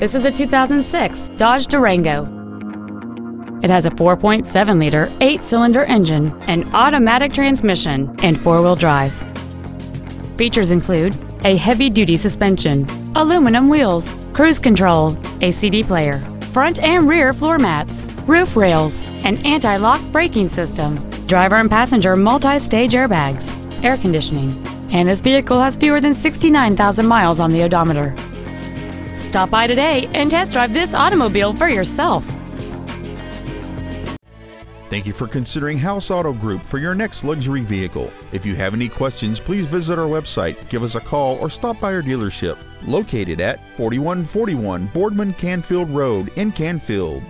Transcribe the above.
This is a 2006 Dodge Durango. It has a 4.7 liter, 8 cylinder engine, an automatic transmission, and four wheel drive. Features include a heavy duty suspension, aluminum wheels, cruise control, a CD player, front and rear floor mats, roof rails, an anti lock braking system, driver and passenger multi stage airbags, air conditioning, and this vehicle has fewer than 69,000 miles on the odometer. Stop by today and test drive this automobile for yourself. Thank you for considering House Auto Group for your next luxury vehicle. If you have any questions, please visit our website, give us a call, or stop by our dealership located at 4141 Boardman Canfield Road in Canfield.